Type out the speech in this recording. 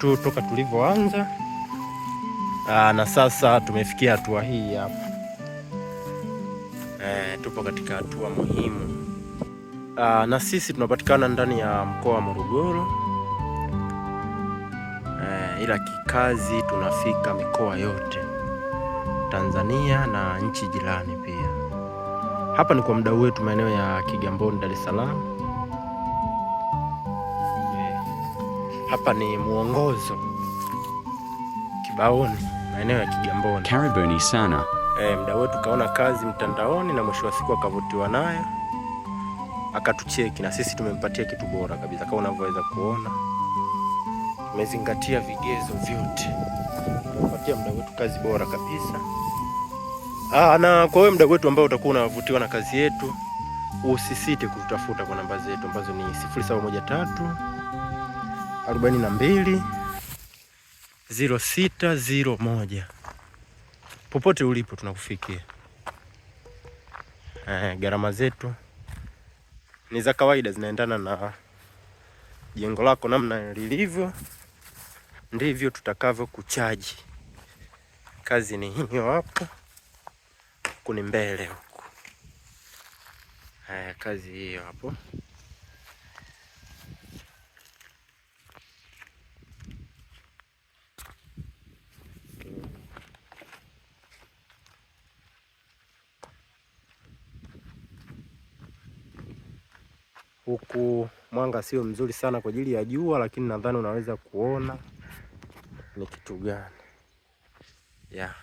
tu toka tulivyoanza ah, na sasa tumefikia hatua hii hapa. E, tupo katika hatua muhimu. Aa, ah, na sisi tunapatikana ndani ya mkoa wa Morogoro e, ila kikazi tunafika mikoa yote Tanzania na nchi jirani pia. Hapa ni kwa muda wetu maeneo ya Kigamboni, Dar es Salaam. Hapa ni mwongozo kibaoni, maeneo ya Kigamboni, karibuni sana. E, mda wetu kaona kazi mtandaoni na mwisho wa siku akavutiwa nayo akatucheki, na sisi tumempatia kitu bora kabisa. Kama unavyoweza kuona, tumezingatia vigezo vyote, tumempatia mda wetu kazi bora kabisa. Aa, ah, na kwa wewe mda wetu ambao utakuwa unavutiwa na kazi yetu, usisite kututafuta kwa namba zetu ambazo ni 0713 42 0601. Popote ulipo tunakufikia. Eh, gharama zetu ni za kawaida, zinaendana na jengo lako namna lilivyo, ndivyo tutakavyo kuchaji. Kazi ni hiyo hapo, kuni mbele huku. Eh, kazi hiyo hapo. huku mwanga sio mzuri sana kwa ajili ya jua, lakini nadhani unaweza kuona ni kitu gani yeah.